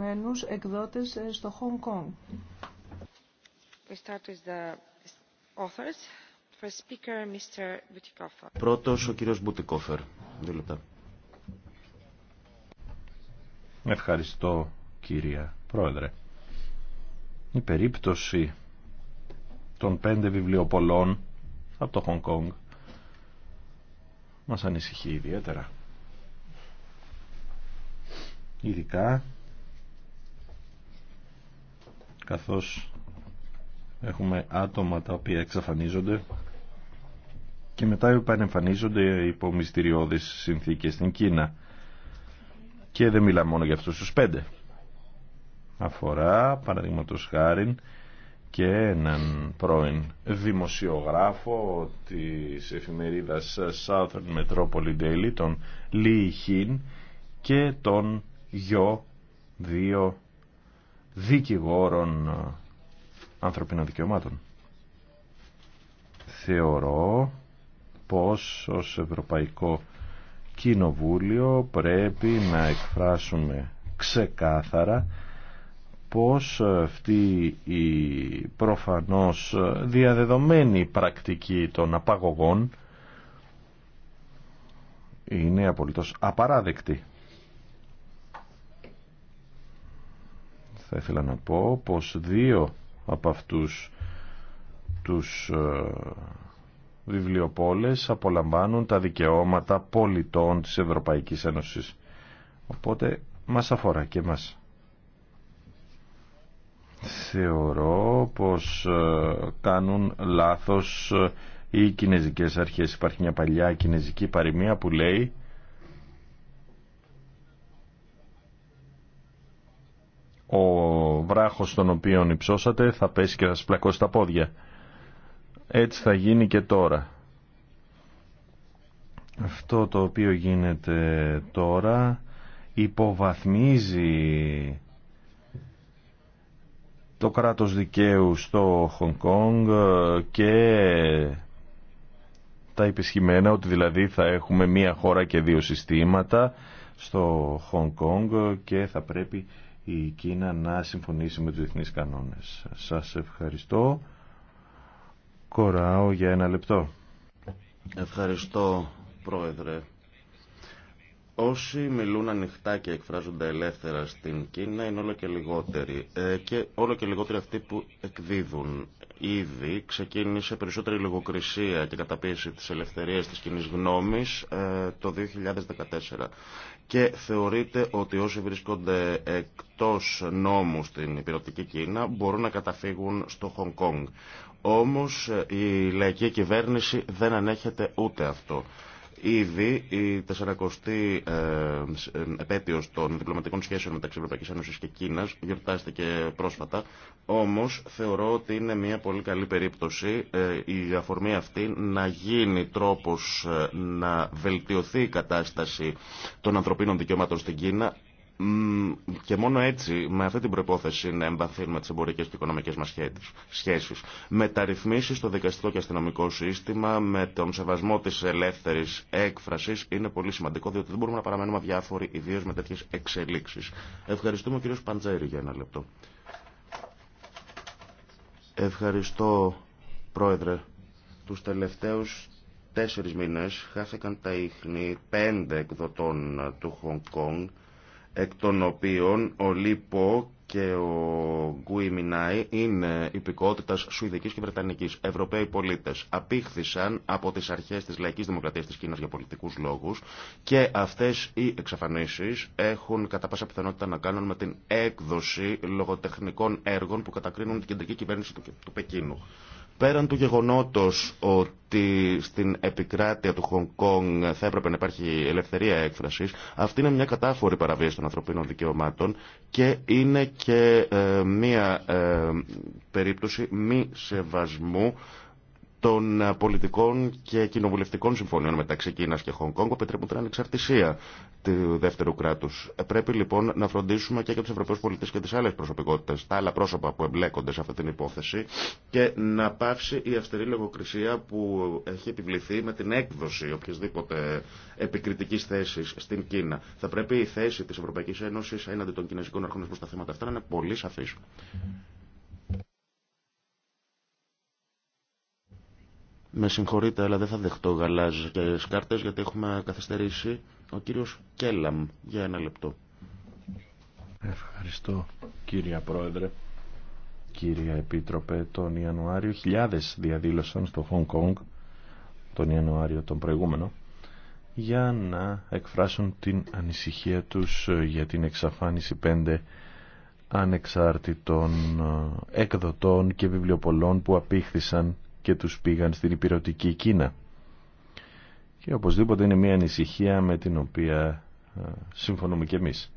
μενούς εκδότες ε, στο Hong Kong. We start with the authors. First speaker, Mr. Πρώτος ο κύριος Μπουτικόφερ. Δύο λεπτά. Ευχαριστώ κύρια Πρόεδρε. Η περίπτωση των πέντε βιβλιοπολών από το Χονγκ Κόνγκ μας ανησυχεί ιδιαίτερα. Ειδικά καθώς έχουμε άτομα τα οποία εξαφανίζονται και μετά επανεμφανίζονται υπό μυστηριώδεις συνθήκες στην Κίνα. Και δεν μιλά μόνο για αυτούς τους πέντε. Αφορά, παραδείγματο χάρη, και έναν πρώην δημοσιογράφο της εφημερίδας Southern Metropolis Daily, τον Li Χιν και τον γιο δύο δικηγόρων ε, ανθρωπίνων δικαιωμάτων. Θεωρώ πως ως Ευρωπαϊκό Κοινοβούλιο πρέπει να εκφράσουμε ξεκάθαρα πως αυτή η προφανώς διαδεδομένη πρακτική των απαγωγών είναι απολύτως απαράδεκτη. θα ήθελα να πω πως δύο από αυτούς τους ε, βιβλιοπόλες απολαμβάνουν τα δικαιώματα πολιτών της Ευρωπαϊκής Ένωσης. Οπότε μας αφορά και μας. Θεωρώ πως ε, κάνουν λάθος ε, οι κινέζικες αρχές. Υπάρχει μια παλιά κινέζικη παροιμία που λέει ο βράχος τον οποίο υψώσατε θα πέσει και θα σας πλακώσει τα πόδια. Έτσι θα γίνει και τώρα. Αυτό το οποίο γίνεται τώρα υποβαθμίζει το κράτος δικαίου στο Χονγκ Κόνγκ και τα επισχημένα ότι δηλαδή θα έχουμε μία χώρα και δύο συστήματα στο Χονγκ Κόνγκ και θα πρέπει η Κίνα να συμφωνήσει με τους διεθνείς κανόνες. Σας ευχαριστώ. Κοράω για ένα λεπτό. Ευχαριστώ, Πρόεδρε. Όσοι μιλούν ανοιχτά και εκφράζονται ελεύθερα στην Κίνα είναι όλο και λιγότεροι ε, και όλο και λιγότεροι αυτοί που εκδίδουν. Ήδη ξεκίνησε περισσότερη λογοκρισία και καταπίεση της ελευθερίας της κοινή γνώμης ε, το 2014 και θεωρείται ότι όσοι βρίσκονται εκτός νόμου στην υπηρετική Κίνα μπορούν να καταφύγουν στο Χονγκ Κόνγκ. Όμως ε, η λαϊκή κυβέρνηση δεν ανέχεται ούτε αυτό. Ήδη η 400η ε, ε, επέτειος των διπλωματικών σχέσεων μεταξύ Ευρωπαϊκής Ένωσης και Κίνας γιορτάστηκε πρόσφατα, όμως θεωρώ ότι είναι μια πολύ καλή περίπτωση ε, η αφορμή αυτή να γίνει τρόπος να βελτιωθεί η κατάσταση των ανθρωπίνων δικαιωμάτων στην Κίνα και μόνο έτσι, με αυτή την προπόθεση, να εμβαθύνουμε τι εμπορικέ και οικονομικέ μα σχέσει. ρυθμίσει στο δικαστικό και αστυνομικό σύστημα, με τον σεβασμό τη ελεύθερη έκφραση, είναι πολύ σημαντικό, διότι δεν μπορούμε να παραμένουμε αδιάφοροι, ιδίω με τέτοιε εξελίξει. Ευχαριστούμε, κύριο Παντζέρη, για ένα λεπτό. Ευχαριστώ, Πρόεδρε. Του τελευταίου τέσσερι μήνε χάθηκαν τα ίχνη πέντε εκδοτών του Χονγκ εκ των οποίων ο Λίπο και ο Γκουι είναι υπηκότητας Σουηδικής και Βρετανικής. Ευρωπαίοι πολίτε απήχθησαν από τις αρχές της λαϊκής δημοκρατίας της Κίνας για πολιτικούς λόγους και αυτές οι εξαφανίσεις έχουν κατά πάσα πιθανότητα να κάνουν με την έκδοση λογοτεχνικών έργων που κατακρίνουν την κεντρική κυβέρνηση του Πεκίνου. Πέραν του γεγονότος ότι στην επικράτεια του Χονγκ Κόνγκ θα έπρεπε να υπάρχει ελευθερία έκφρασης, αυτή είναι μια κατάφορη παραβίαση των ανθρωπίνων δικαιωμάτων και είναι και ε, μια ε, περίπτωση μη σεβασμού των ε, πολιτικών και κοινοβουλευτικών συμφωνιών μεταξύ Κίνα και Χονγκ Κόνγκ που επιτρέπουν την ανεξαρτησία του δεύτερου κράτου. Ε, πρέπει λοιπόν να φροντίσουμε και για του Ευρωπαίου πολίτε και τι άλλε προσωπικότητε, τα άλλα πρόσωπα που εμπλέκονται σε αυτή την υπόθεση και να πάψει η αυστηρή λογοκρισία που έχει επιβληθεί με την έκδοση οποιασδήποτε επικριτική θέση στην Κίνα. Θα πρέπει η θέση τη Ευρωπαϊκή Ένωση έναντι των Κινέζικων αρχών προ τα θέματα αυτά να είναι πολύ σαφή. Με συγχωρείτε, αλλά δεν θα δεχτώ γαλάζιες κάρτες γιατί έχουμε καθυστερήσει. Ο κύριος Κέλαμ, για ένα λεπτό. Ευχαριστώ κύριε Πρόεδρε. Κύριε Επίτροπε, τον Ιανουάριο χιλιάδες διαδήλωσαν στο Χονγκ Κόνγκ, τον Ιανουάριο τον προηγούμενο, για να εκφράσουν την ανησυχία τους ε, για την εξαφάνιση πέντε ανεξάρτητων εκδοτών και βιβλιοπολών που απήχθησαν και τους πήγαν στην υπηρετική Κίνα. Και οπωσδήποτε είναι μια ανησυχία με την οποία ε, συμφωνούμε και εμείς.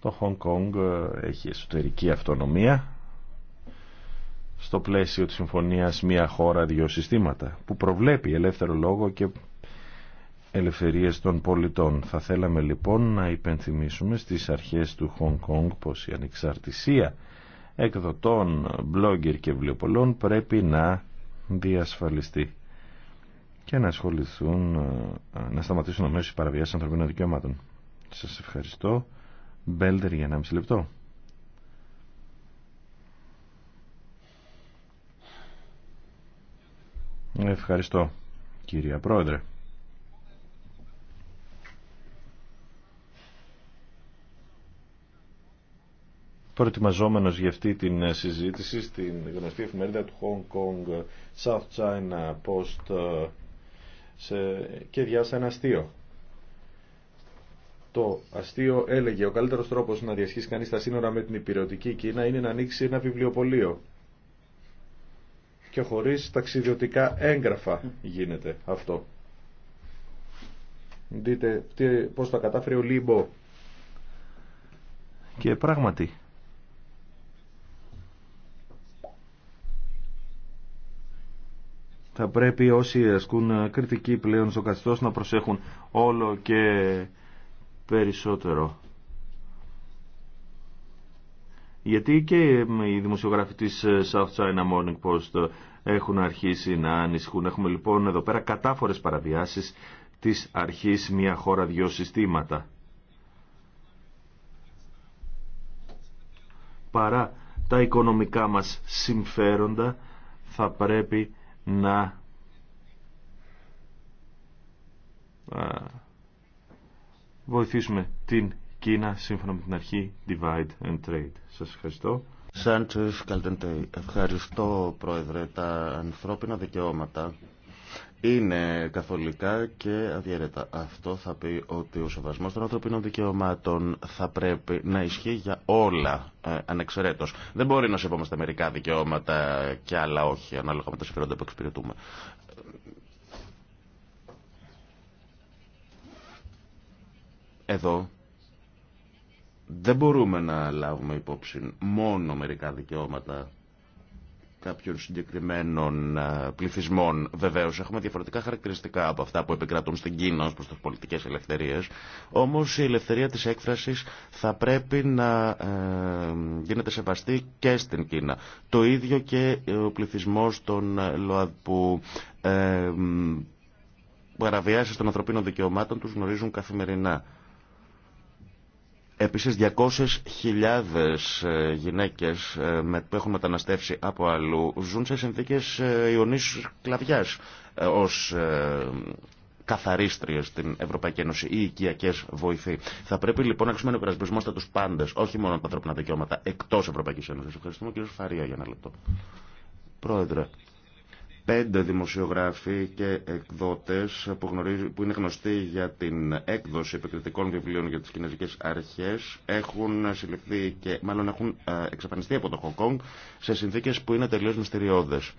Το Χονγκ Κόνγκ ε, έχει εσωτερική αυτονομία στο πλαίσιο της συμφωνίας «Μία χώρα, δύο συστήματα» που προβλέπει ελεύθερο λόγο και ελευθερίες των πολιτών. Θα θέλαμε λοιπόν να υπενθυμίσουμε στις αρχές του Hong Κόνγκ πως η ανεξαρτησία εκδοτών, blogger και βιβλιοπολών πρέπει να διασφαλιστεί και να ασχοληθούν, ε, να σταματήσουν αμέσως οι παραβιάσεις ανθρωπίνων δικαιωμάτων. Σας ευχαριστώ. Μπέλτερ για 1,5 λεπτό. Ευχαριστώ, κύριε Πρόεδρε. προετοιμαζόμενος για αυτή την ε, συζήτηση στην γνωστή εφημερίδα του Hong Kong ε, South China Post ε, σε... και διάσα ένα αστείο. Το αστείο έλεγε ο καλύτερος τρόπος να διασχίσει κανείς τα σύνορα με την υπηρετική Κίνα είναι να ανοίξει ένα βιβλιοπωλείο και χωρίς ταξιδιωτικά έγγραφα γίνεται αυτό. Δείτε πώς τα κατάφερε ο Λίμπο. Και πράγματι θα πρέπει όσοι ασκούν κριτική πλέον στο καθεστώς να προσέχουν όλο και περισσότερο. Γιατί και οι δημοσιογράφοι της South China Morning Post έχουν αρχίσει να ανησυχούν. Έχουμε λοιπόν εδώ πέρα κατάφορες παραβιάσεις της αρχής μια χώρα δυο συστήματα. Παρά τα οικονομικά μας συμφέροντα θα πρέπει να βοηθήσουμε την Κίνα σύμφωνα με την αρχή Divide and Trade. Σας ευχαριστώ. Σάντσεφ Καλτεντέι, ευχαριστώ Πρόεδρε. Τα ανθρώπινα δικαιώματα είναι καθολικά και αδιαίρετα. Αυτό θα πει ότι ο σεβασμός των ανθρωπίνων δικαιωμάτων θα πρέπει να ισχύει για όλα ε, ανεξαιρέτως. Δεν μπορεί να σεβόμαστε μερικά δικαιώματα και άλλα όχι, ανάλογα με τα συμφέροντα που εξυπηρετούμε. Εδώ δεν μπορούμε να λάβουμε υπόψη μόνο μερικά δικαιώματα κάποιων συγκεκριμένων ε, πληθυσμών βεβαίω. Έχουμε διαφορετικά χαρακτηριστικά από αυτά που επικρατούν στην Κίνα ω προ τι πολιτικέ ελευθερίε. Όμω η ελευθερία τη έκφραση θα πρέπει να ε, γίνεται σεβαστή και στην Κίνα. Το ίδιο και ο πληθυσμό των ΛΟΑΔ που ε, παραβιάσει των ανθρωπίνων δικαιωμάτων του γνωρίζουν καθημερινά. Επίσης 200.000 ε, γυναίκες ε, που έχουν μεταναστεύσει από αλλού ζουν σε συνθήκες ε, ιονής κλαβιάς ως καθαρίστριε στην Ευρωπαϊκή Ένωση ή οικιακέ βοηθοί. Θα πρέπει λοιπόν να ένα υπερασπισμό στα του πάντε, όχι μόνο τα ανθρώπινα δικαιώματα εκτό Ευρωπαϊκή Ένωση. Ευχαριστούμε κύριο Φαρία για ένα λεπτό. Πρόεδρε, πέντε δημοσιογράφοι και εκδότες που, που είναι γνωστοί για την έκδοση επικριτικών βιβλίων για τις κινέζικες αρχές έχουν συλληφθεί και μάλλον έχουν ε, εξαφανιστεί από το Χοκόγκ σε συνθήκες που είναι τελείως μυστηριώδες.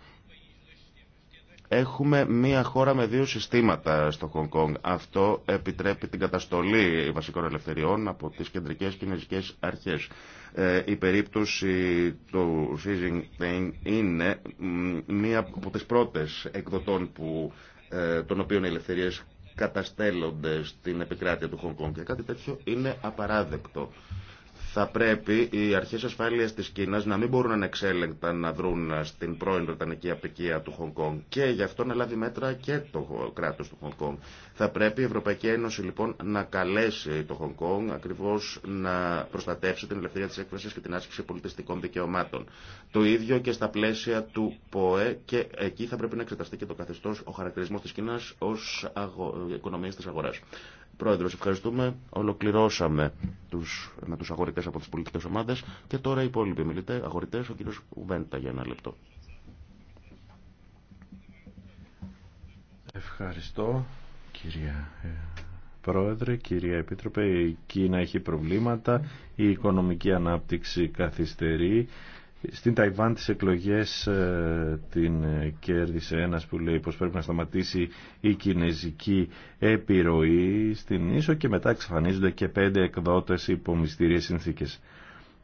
Έχουμε μία χώρα με δύο συστήματα στο Χονγκ Κονγκ. Αυτό επιτρέπει την καταστολή βασικών ελευθεριών από τις κεντρικές κινέζικες αρχές. Ε, η περίπτωση του Xi Jinping είναι μία από τις πρώτες εκδοτών που, ε, των οποίων οι ελευθερίες καταστέλλονται στην επικράτεια του Χονγκ Κονγκ. Και κάτι τέτοιο είναι απαράδεκτο θα πρέπει οι αρχές ασφάλειας της Κίνας να μην μπορούν ανεξέλεγκτα να δρουν στην πρώην Βρετανική απικία του Χονγκ Κόνγκ και γι' αυτό να λάβει μέτρα και το κράτος του Χονγκ Κόνγκ. Θα πρέπει η Ευρωπαϊκή Ένωση λοιπόν να καλέσει το Χονγκ Κόνγκ ακριβώς να προστατεύσει την ελευθερία της έκφρασης και την άσκηση πολιτιστικών δικαιωμάτων. Το ίδιο και στα πλαίσια του ΠΟΕ και εκεί θα πρέπει να εξεταστεί και το καθεστώς ο χαρακτηρισμός της Κίνας ως αγο... οικονομίας της αγοράς. Πρόεδρος, ευχαριστούμε. Ολοκληρώσαμε τους, με τους αγορητές από τις πολιτικές ομάδες και τώρα οι υπόλοιποι μιλητέ, αγορητές, ο κύριος Βέντα για ένα λεπτό. Ευχαριστώ κυρία ε, Πρόεδρε, κυρία Επίτροπε. Η Κίνα έχει προβλήματα, η οικονομική ανάπτυξη καθυστερεί στην Ταϊβάν τις εκλογές ε, την κέρδισε ένας που λέει πως πρέπει να σταματήσει η κινέζικη επιρροή στην ίσο και μετά εξαφανίζονται και πέντε εκδότες υπό μυστήριες συνθήκες.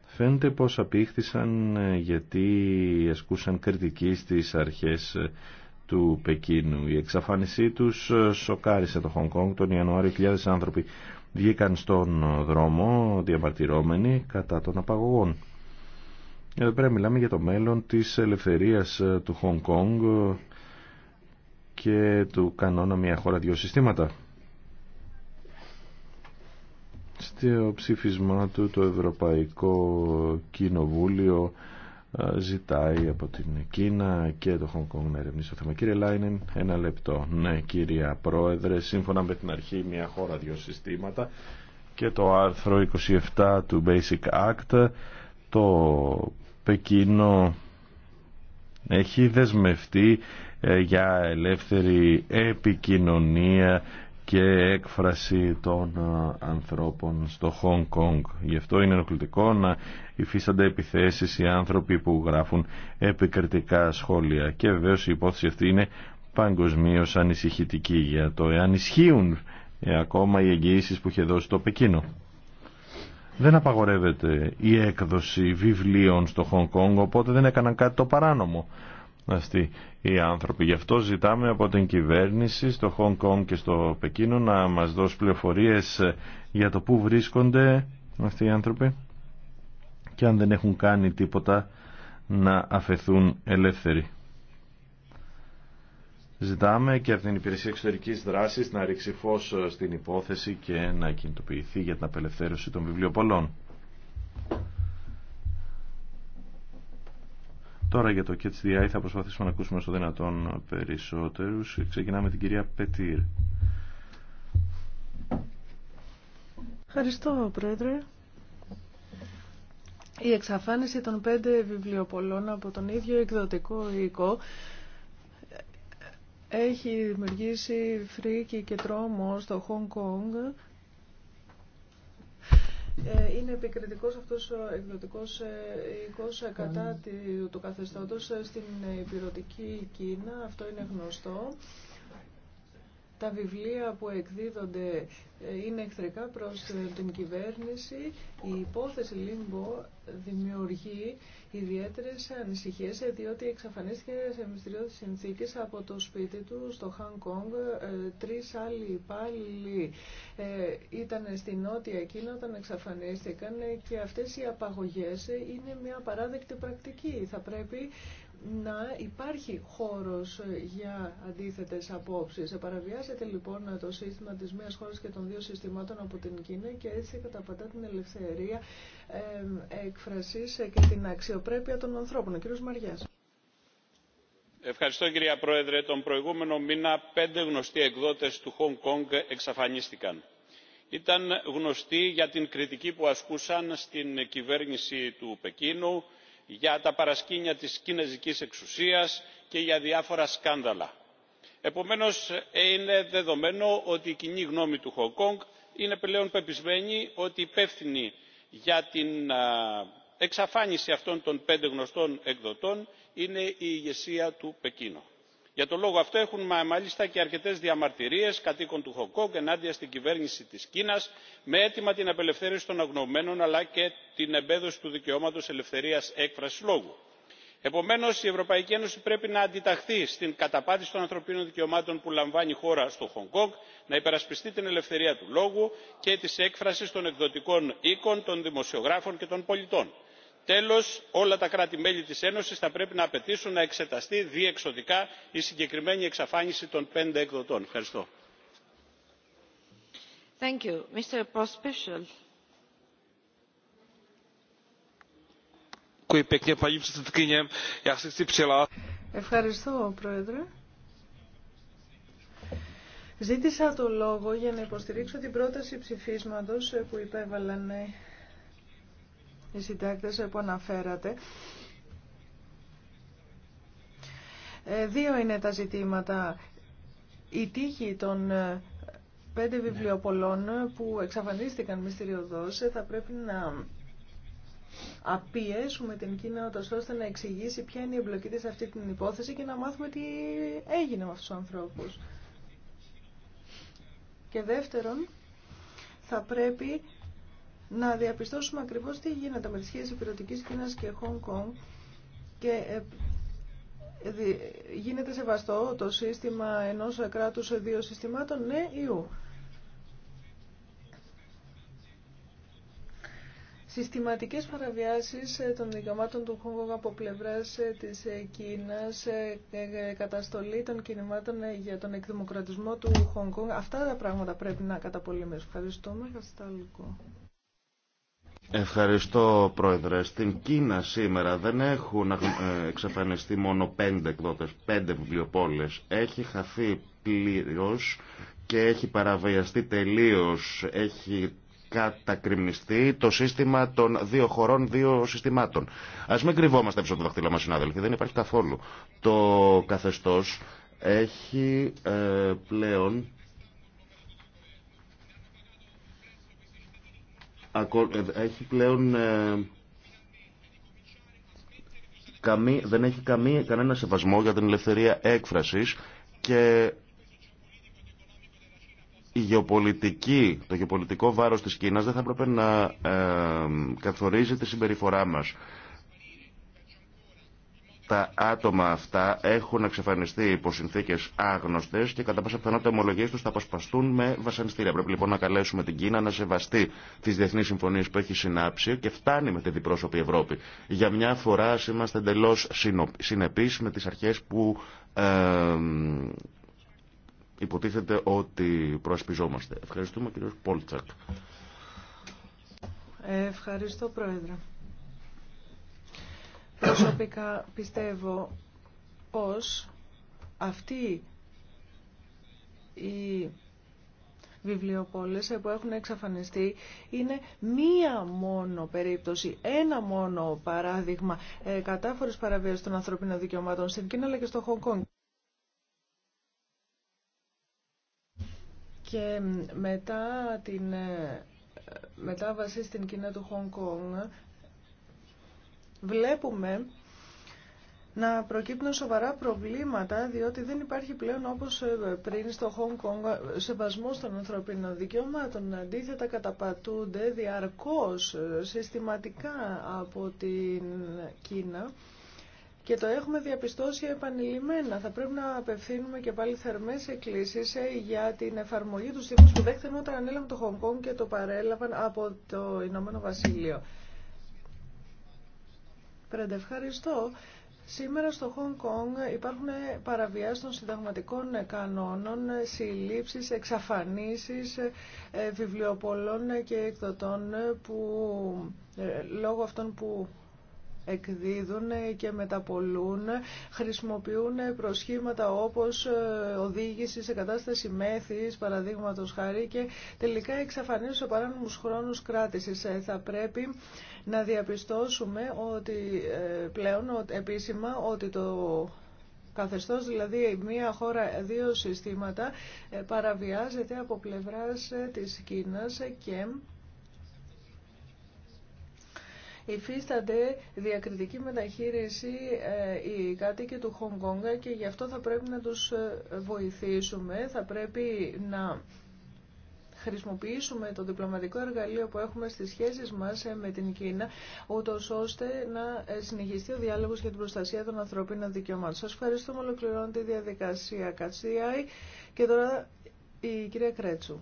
Φαίνεται πως απήχθησαν ε, γιατί ασκούσαν κριτική στις αρχές ε, του Πεκίνου. Η εξαφάνισή τους σοκάρισε το Χονγκ Κόνγκ τον Ιανουάριο. Χιλιάδες άνθρωποι βγήκαν στον δρόμο διαμαρτυρώμενοι κατά των απαγωγών. Εδώ πέρα μιλάμε για το μέλλον της ελευθερίας ε, του Χονγκ Κόνγκ ε, και του κανόνα μια χώρα δύο συστήματα. Στο ψήφισμά του το Ευρωπαϊκό Κοινοβούλιο ε, ζητάει από την Κίνα και το Χονγκ Κόνγκ να ερευνήσει το θέμα. Κύριε Λάινεν, ένα λεπτό. Ναι, κυρία Πρόεδρε, σύμφωνα με την αρχή μια χώρα δύο συστήματα και το άρθρο 27 του Basic Act το Πεκίνο έχει δεσμευτεί ε, για ελεύθερη επικοινωνία και έκφραση των ε, ανθρώπων στο Χονγκ Κονγκ. Γι' αυτό είναι ενοχλητικό να υφίστανται επιθέσεις οι άνθρωποι που γράφουν επικριτικά σχόλια. Και βεβαίως η υπόθεση αυτή είναι παγκοσμίω ανησυχητική για το εάν ισχύουν ε, ακόμα οι εγγυήσεις που είχε δώσει το Πεκίνο δεν απαγορεύεται η έκδοση βιβλίων στο Χονγκ Κόνγκ, οπότε δεν έκαναν κάτι το παράνομο αυτοί οι άνθρωποι. Γι' αυτό ζητάμε από την κυβέρνηση στο Χονγκ Κόνγκ και στο Πεκίνο να μας δώσει πληροφορίες για το πού βρίσκονται αυτοί οι άνθρωποι και αν δεν έχουν κάνει τίποτα να αφαιθούν ελεύθεροι. Ζητάμε και από την Υπηρεσία εξωτερική δράση να ρίξει φω ε, στην υπόθεση και να κινητοποιηθεί για την απελευθέρωση των βιβλιοπολών. Τώρα για το KTDI θα προσπαθήσουμε να ακούσουμε στο δυνατόν περισσότερους. Ξεκινάμε την κυρία Πετήρ. Ευχαριστώ, Πρόεδρε. Η εξαφάνιση των πέντε βιβλιοπολών από τον ίδιο εκδοτικό οίκο έχει δημιουργήσει φρίκη και τρόμο στο Χονγκ Κόνγκ. Ε, είναι επικριτικός αυτός ο εκδοτικό ε, οίκος ε, κατά του καθεστώτος στην υπηρετική Κίνα, αυτό είναι γνωστό τα βιβλία που εκδίδονται ε, είναι εχθρικά προς ε, την κυβέρνηση. Η υπόθεση Λίμπο δημιουργεί ιδιαίτερες ανησυχίες ε, διότι εξαφανίστηκε σε μυστηριώδεις συνθήκες από το σπίτι του στο Χανκ Κόγκ. Τρεις άλλοι υπάλληλοι ήταν στην Νότια Κίνα όταν εξαφανίστηκαν και αυτές οι απαγωγές είναι μια παράδεκτη πρακτική. Θα πρέπει να υπάρχει χώρος για αντίθετες απόψεις. Επαραβιάζεται λοιπόν το σύστημα της μίας χώρας και των δύο συστημάτων από την Κίνα και έτσι καταπατά την ελευθερία ε, έκφρασης και την αξιοπρέπεια των ανθρώπων. Ο κύριος Μαριάς. Ευχαριστώ κυρία Πρόεδρε. Τον προηγούμενο μήνα πέντε γνωστοί εκδότες του Χονγκ Κόνγκ εξαφανίστηκαν. Ήταν γνωστοί για την κριτική που ασκούσαν στην κυβέρνηση του Πεκίνου, για τα παρασκήνια της κινεζικής εξουσίας και για διάφορα σκάνδαλα. επομένως είναι δεδομένο ότι η κοινή γνώμη του χονγκ κονγκ είναι πλέον πεπισμένη ότι υπεύθυνη για την εξαφάνιση αυτών των πέντε γνωστών εκδοτών είναι η ηγεσία του πεκίνου για τον λόγο αυτό έχουν μάλιστα και αρκετέ διαμαρτυρίε κατοίκων του χονγκ κονγκ ενάντια στην κυβέρνηση τη Κίνα, με αίτημα την απελευθέρωση των αγνοωμένων αλλά και την εμπέδωση του δικαιώματο ελευθερία έκφραση λόγου. Επομένω, η ευρωπαϊκή ένωση πρέπει να αντιταχθεί στην καταπάτηση των ανθρωπίνων δικαιωμάτων που λαμβάνει η χώρα στο χονγκ κονγκ να υπερασπιστεί την ελευθερία του λόγου και τη έκφραση των εκδοτικών οίκων των δημοσιογράφων και των πολιτών τέλος όλα τα κράτη μέλη της ένωσης θα πρέπει να απαιτήσουν να εξεταστεί διεξοδικά η συγκεκριμένη εξαφάνιση των πέντε εκδοτών. ευχαριστώ. Ευχαριστώ, Πρόεδρε. Ζήτησα το λόγο για να υποστηρίξω την πρόταση ψηφίσματος που υπέβαλαν οι συντάκτες που αναφέρατε. Ε, δύο είναι τα ζητήματα. Η τύχη των ε, πέντε ναι. βιβλιοπολών που εξαφανίστηκαν μυστηριωδώς ε, θα πρέπει να απιέσουμε την Κίνα ώστε να εξηγήσει ποια είναι η εμπλοκή της σε αυτή την υπόθεση και να μάθουμε τι έγινε με αυτούς τους ανθρώπους. Και δεύτερον, θα πρέπει να διαπιστώσουμε ακριβώς τι γίνεται με τις σχέσεις υπηρετικής Κίνας και Χονγκ Κονγκ και ε, γίνεται σεβαστό το σύστημα ενός κράτους σε δύο συστημάτων, ναι ή ου. Συστηματικές παραβιάσεις ε, των δικαιωμάτων του Χονγκ από πλευράς ε, της Κίνας, καταστολή των κινημάτων για τον εκδημοκρατισμό του Kong. Αυτά τα πράγματα πρέπει να καταπολεμήσουμε. Ευχαριστούμε. Ευχαριστώ. Ευχαριστώ, Πρόεδρε. Στην Κίνα σήμερα δεν έχουν ε, εξαφανιστεί μόνο πέντε εκδότες, πέντε βιβλιοπόλες. Έχει χαθεί πλήρως και έχει παραβιαστεί τελείως, έχει κατακριμνιστεί το σύστημα των δύο χωρών, δύο συστημάτων. Ας μην κρυβόμαστε πίσω από το δαχτυλό μας, συνάδελφοι, δεν υπάρχει καθόλου. Το καθεστώς έχει ε, πλέον Ε, έχει πλέον ε, δεν έχει κανένα σεβασμό για την ελευθερία έκφρασης και η γεωπολιτική, το γεωπολιτικό βάρος της Κίνας δεν θα έπρεπε να ε, καθορίζει τη συμπεριφορά μας τα άτομα αυτά έχουν εξαφανιστεί υπό συνθήκε άγνωστε και κατά πάσα πιθανότητα ομολογίε του θα αποσπαστούν με βασανιστήρια. Πρέπει λοιπόν να καλέσουμε την Κίνα να σεβαστεί τι διεθνεί συμφωνίε που έχει συνάψει και φτάνει με τη διπρόσωπη Ευρώπη. Για μια φορά είμαστε εντελώ συνεπεί με τι αρχέ που υποτίθεται ότι προασπιζόμαστε. Ευχαριστούμε κύριο Πόλτσακ. Ευχαριστώ Πρόεδρε. Προσωπικά πιστεύω πως αυτή η βιβλιοπόλες που έχουν εξαφανιστεί είναι μία μόνο περίπτωση, ένα μόνο παράδειγμα ε, κατάφορης παραβίασης των ανθρωπίνων δικαιωμάτων στην Κίνα αλλά και στο Χονγκ Κονγκ. Και μετά την ε, μετάβαση στην Κίνα του Χονγκ Κονγκ βλέπουμε να προκύπτουν σοβαρά προβλήματα, διότι δεν υπάρχει πλέον όπως ε, πριν στο Hong Kong σεβασμό των ανθρωπίνων δικαιωμάτων. Αντίθετα καταπατούνται διαρκώς, ε, συστηματικά από την Κίνα. Και το έχουμε διαπιστώσει επανειλημμένα. Θα πρέπει να απευθύνουμε και πάλι θερμές εκκλήσεις ε, για την εφαρμογή του στήχους που δέχτηκαν όταν ανέλαβαν το Χονγκ και το παρέλαβαν από το Ηνωμένο Βασίλειο ευχαριστώ. Σήμερα στο Χονγκ Κονγκ υπάρχουν παραβιάσεις των συνταγματικών κανόνων, συλλήψεις, εξαφανίσεις ε, βιβλιοπολών και εκδοτών που ε, λόγω αυτών που εκδίδουν και μεταπολούν, χρησιμοποιούν προσχήματα όπως ε, οδήγηση σε κατάσταση μέθης, παραδείγματος χάρη και τελικά εξαφανίζουν σε παράνομους χρόνους κράτησης. Ε, θα πρέπει να διαπιστώσουμε ότι ε, πλέον επίσημα ότι το καθεστώς, δηλαδή μία χώρα, δύο συστήματα, παραβιάζεται από πλευράς της Κίνας και υφίστανται διακριτική μεταχείριση ε, οι κάτοικοι του Χονγκόγκα και γι' αυτό θα πρέπει να τους ε, βοηθήσουμε, θα πρέπει να χρησιμοποιήσουμε το διπλωματικό εργαλείο που έχουμε στις σχέσεις μας ε, με την Κίνα, ούτω ώστε να συνεχιστεί ο διάλογος για την προστασία των ανθρωπίνων δικαιωμάτων. Σας ευχαριστούμε. Ολοκληρώνω τη διαδικασία Κατσίαη και τώρα η κυρία Κρέτσου.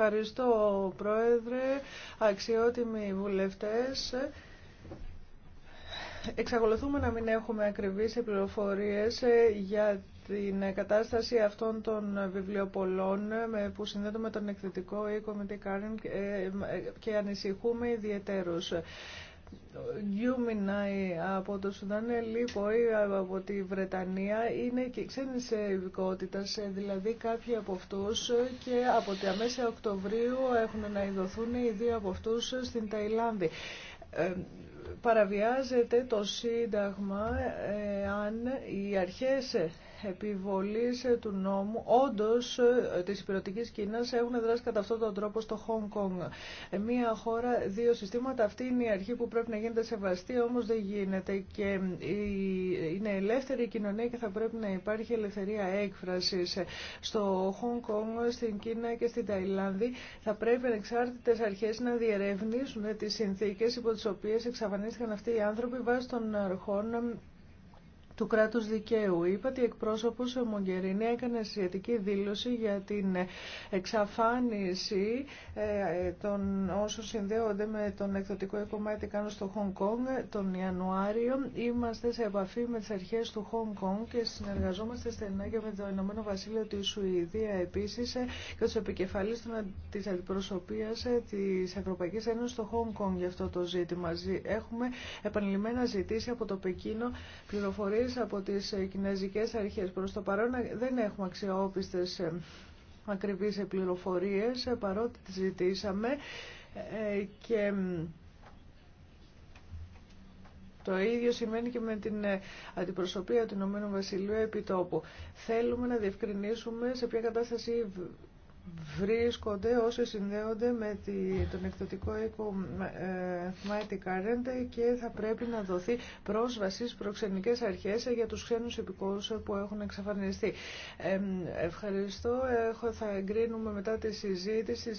Ευχαριστώ, Πρόεδρε, αξιότιμοι βουλευτές. Εξακολουθούμε να μην έχουμε ακριβείς πληροφορίες ε, για την κατάσταση αυτών των βιβλιοπολών ε, που συνδέονται με τον εκθετικό οίκο με την ε, και ανησυχούμε ιδιαίτερως. Γιούμιναϊ ε, από το Σουδάν, ε, Λίποι ε, από τη Βρετανία είναι και σε ειδικότητα, δηλαδή κάποιοι από αυτού, και από τη αμέσα Οκτωβρίου έχουν να ειδωθούν οι δύο από αυτού στην Ταϊλάνδη. Παραβιάζεται το Σύνταγμα αν οι αρχές επιβολής ε, του νόμου όντως ε, της υπηρετικής Κίνας έχουν δράσει κατά αυτόν τον τρόπο στο Χονγκ Κονγκ. Ε, μία χώρα, δύο συστήματα, αυτή είναι η αρχή που πρέπει να γίνεται σεβαστή, όμως δεν γίνεται και είναι ελεύθερη η κοινωνία και θα πρέπει να υπάρχει ελευθερία έκφρασης στο Χονγκ Κονγκ, στην Κίνα και στην Ταϊλάνδη. Θα πρέπει ανεξάρτητες αρχές να διερευνήσουν τις συνθήκες υπό τις οποίες εξαφανίστηκαν αυτοί οι άνθρωποι βάσει των αρχών του κράτους δικαίου. Είπα ότι εκπρόσωπος ο Μογκερίνη έκανε σχετική δήλωση για την εξαφάνιση ε, των όσων συνδέονται με τον εκδοτικό εκομμάτι κάνω στο Χονγκ Κόνγκ τον Ιανουάριο. Είμαστε σε επαφή με τις αρχές του Χονγκ Κόνγκ και συνεργαζόμαστε στενά και με το Ηνωμένο Βασίλειο τη Σουηδία επίσης ε, και τους επικεφαλής της αντιπροσωπείας ε, της Ευρωπαϊκής Ένωσης στο Χονγκ Κόνγκ για αυτό το ζήτημα. Έχουμε επανειλημμένα ζητήσει από το Πεκίνο πληροφορίε από τις ε, κινέζικες αρχές. Προς το παρόν ε, δεν έχουμε αξιόπιστες ε, ακριβείς πληροφορίες παρότι τις ζητήσαμε και το ίδιο σημαίνει και με την αντιπροσωπεία του Ηνωμένου Βασιλείου επί τόπου. Θέλουμε να διευκρινίσουμε σε ποια κατάσταση βρίσκονται όσοι συνδέονται με τον εκδοτικό οίκο ε, Mighty και θα πρέπει να δοθεί πρόσβαση στις προξενικές αρχές για τους ξένους επικόρους που έχουν εξαφανιστεί. Ε, ευχαριστώ. Έχω, θα εγκρίνουμε μετά τη συζήτηση